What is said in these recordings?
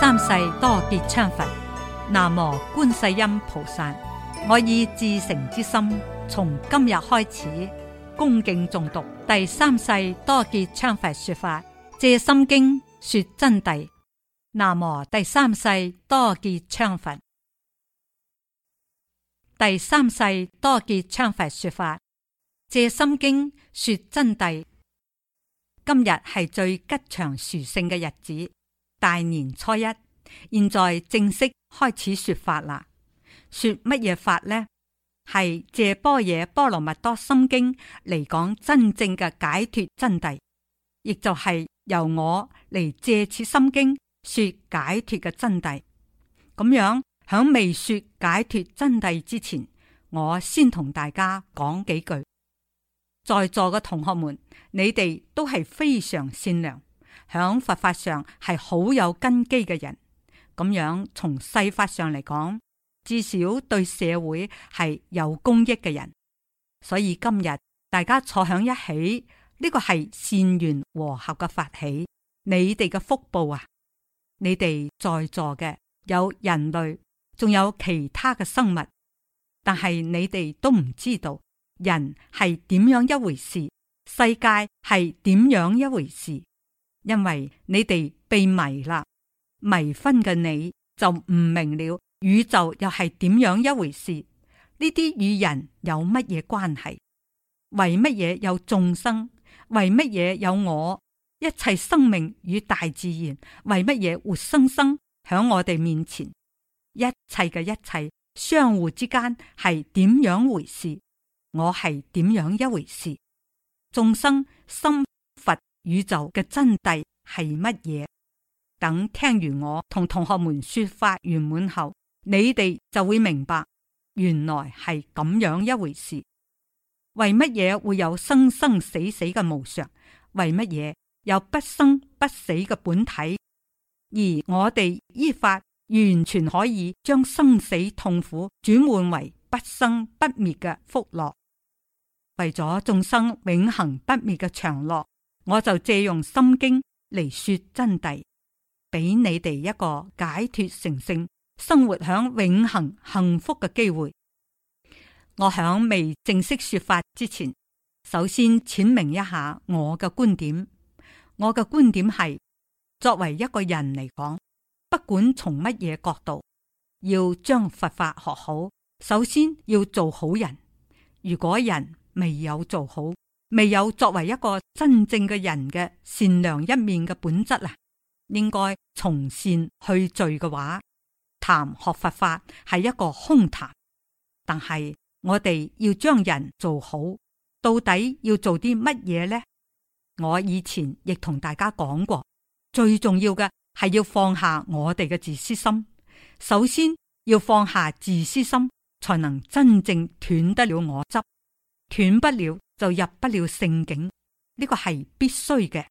三世多杰羌佛，南無觀世音菩薩。我以至誠之心，從今日開始恭敬重讀《第三世多杰羌佛》說法《藉心經》說真諦。南無第三世多杰羌佛，《第三世多杰羌佛》說法《藉心經》說真諦。今日係最吉祥殊勝嘅日子。大年初一，現在正式開始說法啦。說乜嘢法呢？係借《般若波羅蜜多心經》嚟講真正嘅解脫真諦，亦就係由我嚟借此心經說解脫嘅真諦。咁樣響未說解脫真諦之前，我先同大家講幾句。在座嘅同學們，你哋都係非常善良。響佛法上係好有根基嘅人，咁樣從世法上嚟講，至少對社會係有公益嘅人。所以今日大家坐響一起，呢個係善緣和合嘅發起。你哋嘅福報啊，你哋在座嘅有人類，仲有其他嘅生物，但係你哋都唔知道人係點樣一回事，世界係點樣一回事。因為你哋被迷啦，迷昏嘅你就唔明了，宇宙又係點樣一回事？呢啲與人有乜嘢關係？為乜嘢有眾生？為乜嘢有我？一切生命與大自然為乜嘢活生生響我哋面前？一切嘅一切相互之間係點樣回事？我係點樣一回事？眾生心。宇宙嘅真諦係乜嘢？等聽完我同同學們說法圓滿後，你哋就會明白，原來係咁樣一回事。為乜嘢會有生生死死嘅無常？為乜嘢有不生不死嘅本體？而我哋依法完全可以將生死痛苦轉換為不生不滅嘅福樂，為咗眾生永恒不滅嘅長樂。我就借用《心經》嚟說真諦，俾你哋一個解脫成聖、生活響永恆幸福嘅機會。我響未正式說法之前，首先闡明一下我嘅觀點。我嘅觀點係，作為一個人嚟講，不管從乜嘢角度，要將佛法學好，首先要做好人。如果人未有做好，未有作為一個真正嘅人嘅善良一面嘅本質啊，應該從善去罪嘅話，談學佛法係一個空談。但係我哋要將人做好，到底要做啲乜嘢呢？我以前亦同大家講過，最重要嘅係要放下我哋嘅自私心，首先要放下自私心，才能真正斷得了我執，斷不了，就入不了聖境，呢個係必須嘅。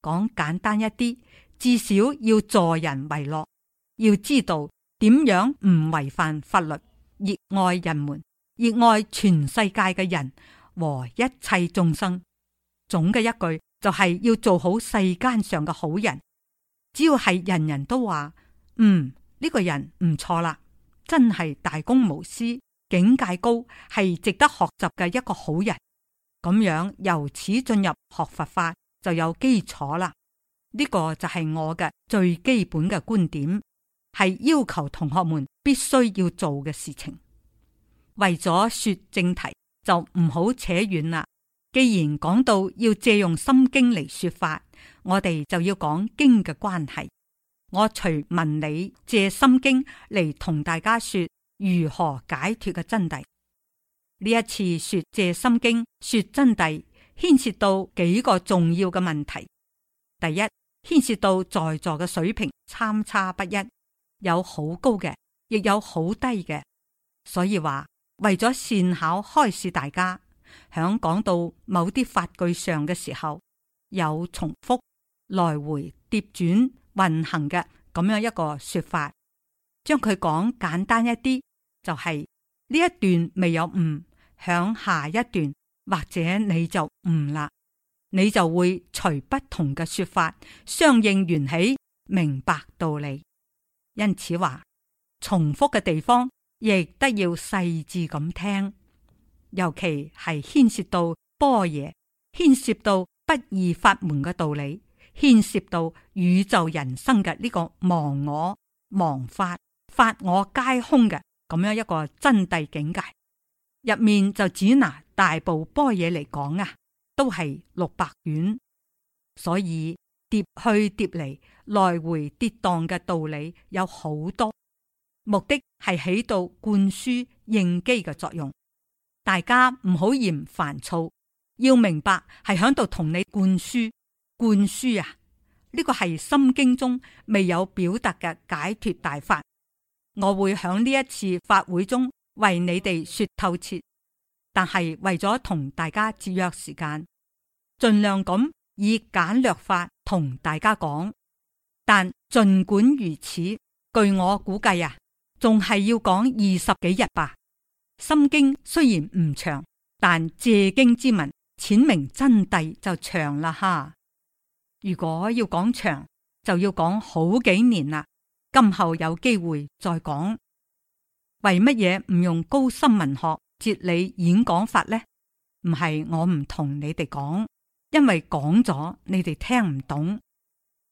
講簡單一啲，至少要助人為樂，要知道點樣唔違反法律，熱愛人們，熱愛全世界嘅人和一切眾生。總嘅一句就係要做好世間上嘅好人。只要係人人都話，嗯，呢個人唔錯啦，真係大公無私，境界高，係值得學習嘅一個好人。咁樣由此進入學佛法就有基礎啦。呢個就係我嘅最基本嘅觀點，係要求同學們必須要做嘅事情。為咗說正題，就唔好扯遠啦。既然講到要借用《心經》嚟說法，我哋就要講經嘅關係。我除問你借《心經》嚟同大家說如何解脫嘅真諦。呢一次說《藉心經》，說真諦，牽涉到幾個重要嘅問題。第一，牽涉到在座嘅水平參差不一，有好高嘅，亦有好低嘅。所以話為咗善考開示大家，響講到某啲法句上嘅時候，有重複、來回、疊轉、運行嘅咁樣一個說法。將佢講簡單一啲，就係、是、呢一段未有誤。響下一段，或者你就唔啦，你就會隨不同嘅說法相應緣起，明白道理。因此話重複嘅地方亦都要細緻咁聽，尤其係牽涉到般若，牽涉到不二法門嘅道理，牽涉到宇宙人生嘅呢個忘我、忘法、法我皆空嘅咁樣一個真諦境界。入面就只拿大部波嘢嚟講啊，都係六百卷，所以跌去跌嚟，來回跌蕩嘅道理有好多，目的係起到灌輸應機嘅作用。大家唔好嫌煩躁，要明白係響度同你灌輸，灌輸啊！呢個係《心經》中未有表達嘅解脱大法。我會響呢一次法會中。為你哋說透徹，但係為咗同大家節約時間，盡量咁以簡略法同大家講。但儘管如此，據我估計呀，仲係要講二十幾日吧。《心經》雖然唔長，但借經之文闡明真諦就長啦吓。如果要講長，就要講好幾年啦。今後有機會再講。為乜嘢唔用高深文學哲理演講法呢？唔係我唔同你哋講，因為講咗你哋聽唔懂。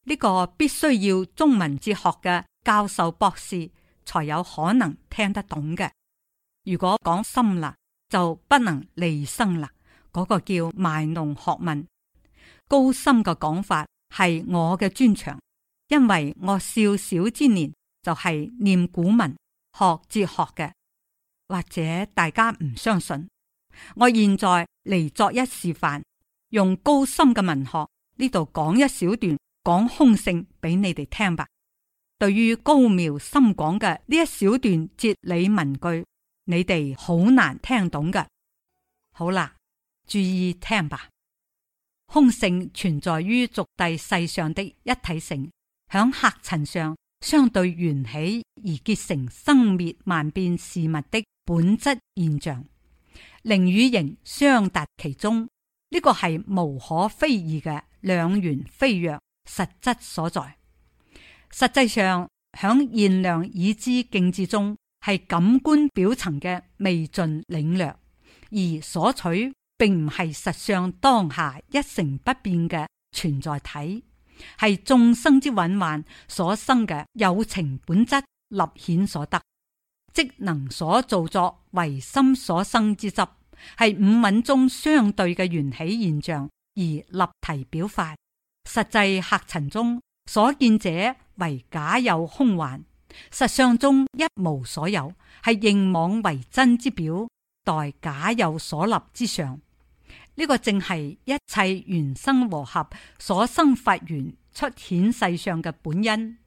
呢個必須要中文哲學嘅教授博士才有可能聽得懂嘅。如果講深啦，就不能離生啦，嗰個叫賣弄學問。高深嘅講法係我嘅專長，因為我少小之年就係念古文。學哲學嘅，或者大家唔相信，我現在嚟，作一示範，用高深嘅文學呢度講一小段講空性俾你哋聽吧。對於高妙深廣嘅呢一小段哲理文句，你哋好難聽懂嘅。好啦，注意聽吧。空性存在於俗諦世上的一體性，響客塵上。相對緣起而結成生滅萬變事物的本質現象，靈與形相達其中，呢個係無可非議嘅兩元飛躍實質所在。實際上，響現量已知境智中，係感官表層嘅未盡領略，而所取並唔係實相當下一成不變嘅存在體。係眾生之妄幻所生嘅有情本質立顯所得，即能所造作唯心所生之執，係五蘊中相對嘅緣起現象而立題表法。實際客塵中所見者為假有空幻，實相中一無所有，係認妄為真之表，待假有所立之上。呢個正係一切緣生和合所生法源出顯世上嘅本因，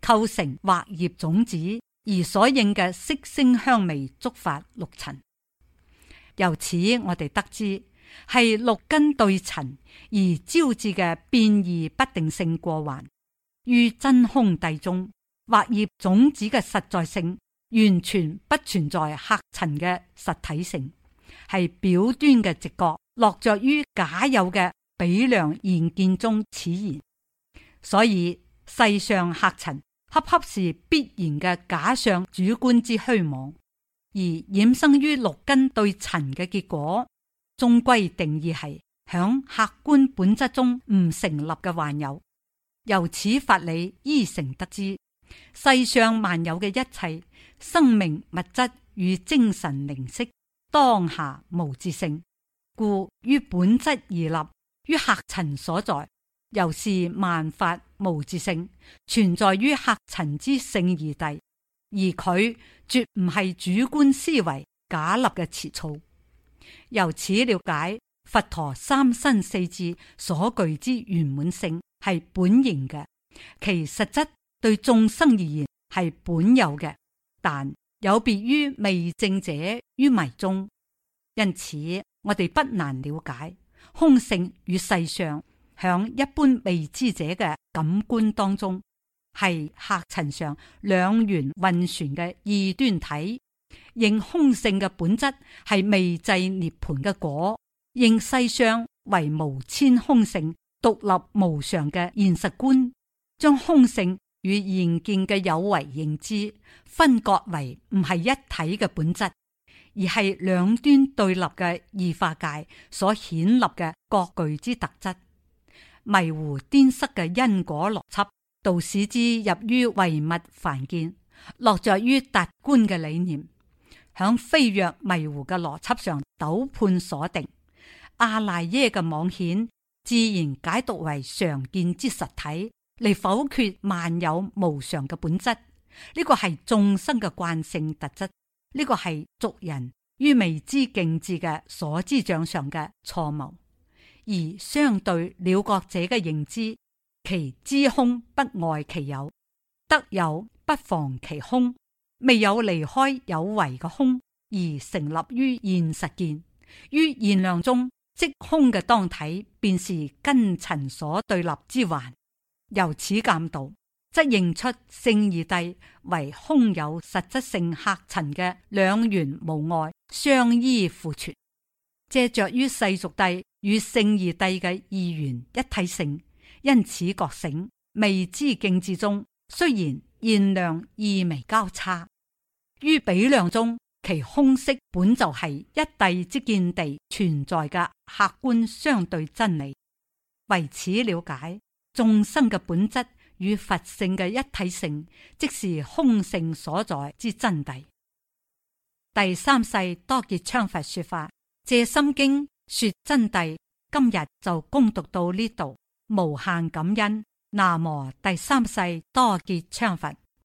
構成惑業種子而所應嘅色聲香味觸法六塵。由此我哋得知，係六根對塵而招致嘅變異不定性過患。於真空地中，惑業種子嘅實在性，完全不存在客塵嘅實體性，係表端嘅直覺。落着於假有嘅比量現見中，此言所以世上客塵恰恰是必然嘅假相主觀之虛妄，而衍生於六根對塵嘅結果，終歸定義係響客觀本質中唔成立嘅幻有。由此法理依成得知，世上萬有嘅一切生命、物質與精神靈息，當下無自性。故於本質而立，於客塵所在，又是萬法無自性，存在於客塵之性而地，而佢絕唔係主觀思維假立嘅詞藻。由此了解佛陀三身四智所具之圓滿性，係本然嘅，其實質對眾生而言係本有嘅，但有別於未證者於迷中，因此。我哋不難了解空性與世相，響一般未知者嘅感官當中，係客塵上兩元運旋嘅二端體。認空性嘅本質係未制涅槃嘅果；認世相為無千空性獨立無常嘅現實觀，將空性與現見嘅有為認知分割為唔係一體嘅本質。而係兩端對立嘅二化界所顯立嘅各具之特質，迷糊顛塞嘅因果邏輯，導使之入於唯物凡見，落着於達觀嘅理念，響非若迷糊嘅邏輯上鬥判所定，阿賴耶嘅網顯自然解讀為常見之實體，嚟否決萬有無常嘅本質，呢、這個係眾生嘅慣性特質。呢個係俗人於未知境致嘅所知障上嘅錯謬，而相對了覺者嘅認知，其知空不礙其有，得有不妨其空，未有離開有為嘅空而成立於現實，見於現量中，即空嘅當體，便是根塵所對立之患。由此鑒導。則認出勝義諦為空有實質性客塵嘅兩緣無礙相依附存，借着於世俗諦與勝義諦嘅二緣一體性，因此覺醒未知境之中。雖然現量意味交叉於比量中，其空色本就係一諦之見地存在嘅客觀相對真理。為此了解眾生嘅本質。與佛性嘅一體性，即是空性所在之真諦。第三世多杰羌佛說法《藉心經》說真諦，今日就恭讀到呢度，無限感恩。南無第三世多杰羌佛。